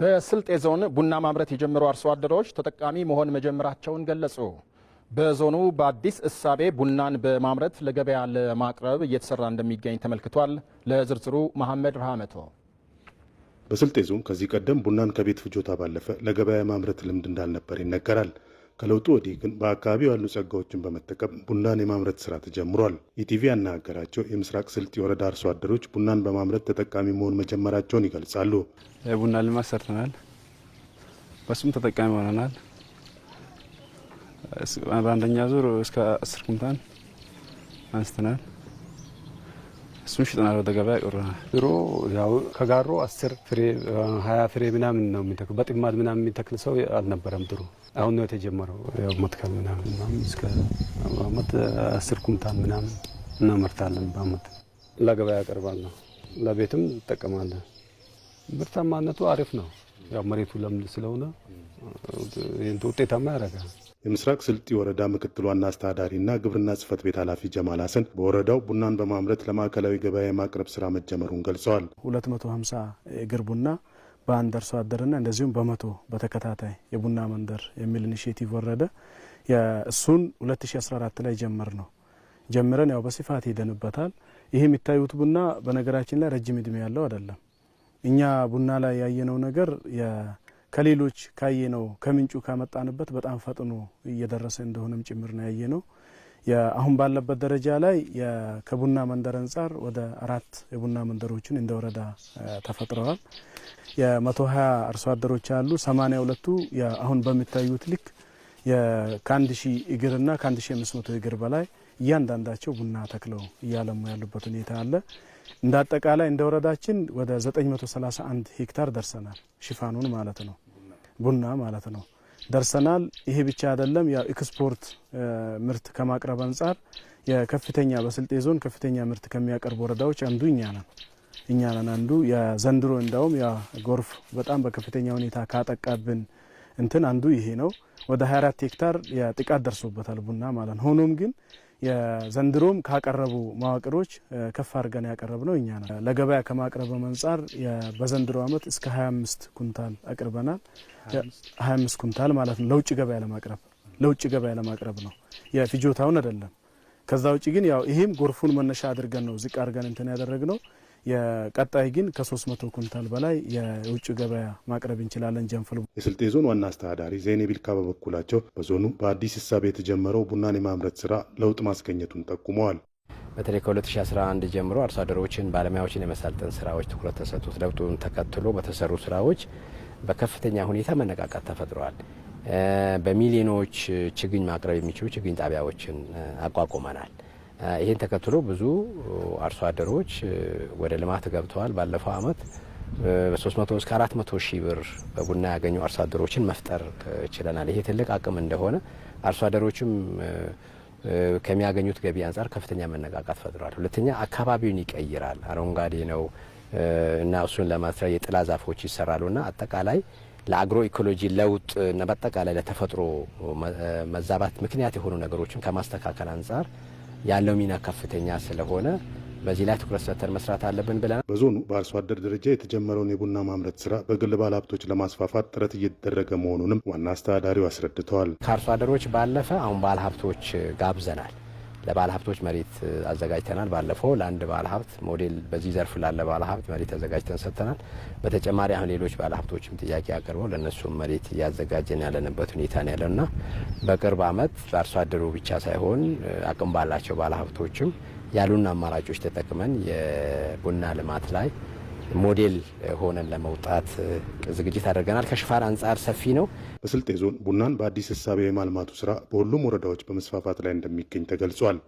በስልጤ ዞን ቡና ማምረት የጀመሩ አርሶ አደሮች ተጠቃሚ መሆን መጀመራቸውን ገለጹ። በዞኑ በአዲስ እሳቤ ቡናን በማምረት ለገበያ ለማቅረብ እየተሰራ እንደሚገኝ ተመልክቷል። ለዝርዝሩ መሐመድ ረሃመቶ። በስልጤ ዞን ከዚህ ቀደም ቡናን ከቤት ፍጆታ ባለፈ ለገበያ ማምረት ልምድ እንዳልነበር ይነገራል። ከለውጡ ወዲህ ግን በአካባቢው ያሉ ጸጋዎችን በመጠቀም ቡናን የማምረት ስራ ተጀምሯል። ኢቲቪ ያናገራቸው የምስራቅ ስልጤ ወረዳ አርሶ አደሮች ቡናን በማምረት ተጠቃሚ መሆን መጀመራቸውን ይገልጻሉ። ቡና ልማት ሰርተናል፣ በሱም ተጠቃሚ ሆነናል። በአንደኛ ዙር እስከ አስር ኩንታን አንስተናል። እሱን ሽጠናል፣ ወደ ገበያ ይቀርበናል። ድሮ ያው ከጋሮ አስር ፍሬ ሀያ ፍሬ ምናምን ነው የሚተክል። በጥማድ ምናምን የሚተክል ሰው አልነበረም ድሮ አሁን ነው የተጀመረው። መትከል ምናምን እስከ አመት አስር ኩንታል ምናምን እናመርታለን በአመት ለገበያ ያቀርባል ነው ለቤትም እንጠቀማለን። ምርታማነቱ አሪፍ ነው። ያው መሬቱ ለምን ስለሆነ ውጤታማ ያደርጋል። የምስራቅ ስልጥ ወረዳ ምክትል ዋና አስተዳዳሪና ግብርና ጽህፈት ቤት ኃላፊ ጀማል ሀሰን በወረዳው ቡናን በማምረት ለማዕከላዊ ገበያ የማቅረብ ስራ መጀመሩን ገልጸዋል። 250 እግር ቡና በአንድ አርሶ አደርና እንደዚሁም በመቶ በተከታታይ የቡና መንደር የሚል ኢኒሽቲቭ ወረደ። እሱን 2014 ላይ ጀመር ነው ጀምረን ያው በስፋት ሄደንበታል። ይህ የሚታዩት ቡና በነገራችን ላይ ረጅም እድሜ ያለው አይደለም። እኛ ቡና ላይ ያየነው ነገር ከሌሎች ካየነው ከምንጩ ካመጣንበት በጣም ፈጥኖ እየደረሰ እንደሆነም ጭምር ነው ያየነው። አሁን ባለበት ደረጃ ላይ ከቡና መንደር አንጻር ወደ አራት የቡና መንደሮችን እንደ ወረዳ ተፈጥረዋል። የመቶ ሀያ አርሶ አደሮች አሉ። ሰማኒያ ሁለቱ አሁን በሚታዩት ልክ ከአንድ ሺህ እግርና ከአንድ ሺ አምስት መቶ እግር በላይ እያንዳንዳቸው ቡና ተክለው እያለሙ ያሉበት ሁኔታ አለ። እንደ አጠቃላይ እንደ ወረዳችን ወደ አንድ ሄክታር ደርሰናል። ሽፋኑን ማለት ነው ቡና ማለት ነው። ደርሰናል። ይሄ ብቻ አይደለም፣ ያው ኤክስፖርት ምርት ከማቅረብ አንጻር የከፍተኛ በስልጤ ዞን ከፍተኛ ምርት ከሚያቀርቡ ወረዳዎች አንዱ እኛ ነን እኛ ነን አንዱ የዘንድሮ እንዳውም ያ ጎርፍ በጣም በከፍተኛ ሁኔታ ካጠቃብን እንትን አንዱ ይሄ ነው። ወደ 24 ሄክታር ጥቃት ደርሶበታል ቡና ማለት ነው። ሆኖም ግን የዘንድሮም ካቀረቡ መዋቅሮች ከፍ አድርገን ነው እኛ ነው። ለገበያ ከማቅረብ አንጻር በዘንድሮ ዓመት እስከ 25 ኩንታል አቅርበናል። 25 ኩንታል ማለት ነው ለውጭ ገበያ ለማቅረብ ለውጭ ገበያ ለማቅረብ ነው የፍጆታውን አይደለም። ከዛ ውጭ ግን ያው ይህም ጎርፉን መነሻ አድርገን ነው ዝቅ አድርገን እንትን ነው። የቀጣይ ግን ከ300 ኩንታል በላይ የውጭ ገበያ ማቅረብ እንችላለን። ጀንፍል የስልጤ ዞን ዋና አስተዳዳሪ ዘይኔ ቢልካ በበኩላቸው በዞኑ በአዲስ እሳቤ የተጀመረው ቡናን የማምረት ስራ ለውጥ ማስገኘቱን ጠቁመዋል። በተለይ ከ2011 ጀምሮ አርሶ አደሮችን ባለሙያዎችን የመሳልጠን ስራዎች ትኩረት ተሰጡት። ለውጡን ተከትሎ በተሰሩ ስራዎች በከፍተኛ ሁኔታ መነቃቃት ተፈጥረዋል። በሚሊዮኖች ችግኝ ማቅረብ የሚችሉ ችግኝ ጣቢያዎችን አቋቁመናል። ይህን ተከትሎ ብዙ አርሶ አደሮች ወደ ልማት ገብተዋል። ባለፈው ዓመት በ300 እስከ 400 ሺህ ብር በቡና ያገኙ አርሶ አደሮችን መፍጠር ችለናል። ይሄ ትልቅ አቅም እንደሆነ አርሶ አደሮችም ከሚያገኙት ገቢ አንጻር ከፍተኛ መነቃቃት ፈጥሯል። ሁለተኛ አካባቢውን ይቀይራል። አረንጓዴ ነው እና እሱን ለማስራ የጥላ ዛፎች ይሰራሉ አጠቃላይ ለአግሮ ኢኮሎጂ ለውጥ እና በአጠቃላይ ለተፈጥሮ መዛባት ምክንያት የሆኑ ነገሮችን ከማስተካከል አንጻር ያለው ሚና ከፍተኛ ስለሆነ በዚህ ላይ ትኩረት ሰጥተን መስራት አለብን ብለናል። በዞኑ በአርሶ አደር ደረጃ የተጀመረውን የቡና ማምረት ስራ በግል ባለ ሀብቶች ለማስፋፋት ጥረት እየተደረገ መሆኑንም ዋና አስተዳዳሪው አስረድተዋል። ከአርሶ አደሮች ባለፈ አሁን ባለ ሀብቶች ጋብዘናል። ለባለ ሀብቶች መሬት አዘጋጅተናል። ባለፈው ለአንድ ባለ ሀብት ሞዴል በዚህ ዘርፍ ላለ ባለ ሀብት መሬት አዘጋጅተን ሰጥተናል። በተጨማሪ አሁን ሌሎች ባለ ሀብቶችም ጥያቄ አቅርበው ለእነሱም መሬት እያዘጋጀን ያለንበት ሁኔታ ነው ያለው በቅርብ ዓመት በአርሶ አደሩ ብቻ ሳይሆን አቅም ባላቸው ባለ ሀብቶችም ያሉን አማራጮች ተጠቅመን የቡና ልማት ላይ ሞዴል ሆነን ለመውጣት ዝግጅት አድርገናል። ከሽፋን አንጻር ሰፊ ነው። በስልጤ ዞን ቡናን በአዲስ እሳቤ የማልማቱ ስራ በሁሉም ወረዳዎች በመስፋፋት ላይ እንደሚገኝ ተገልጿል።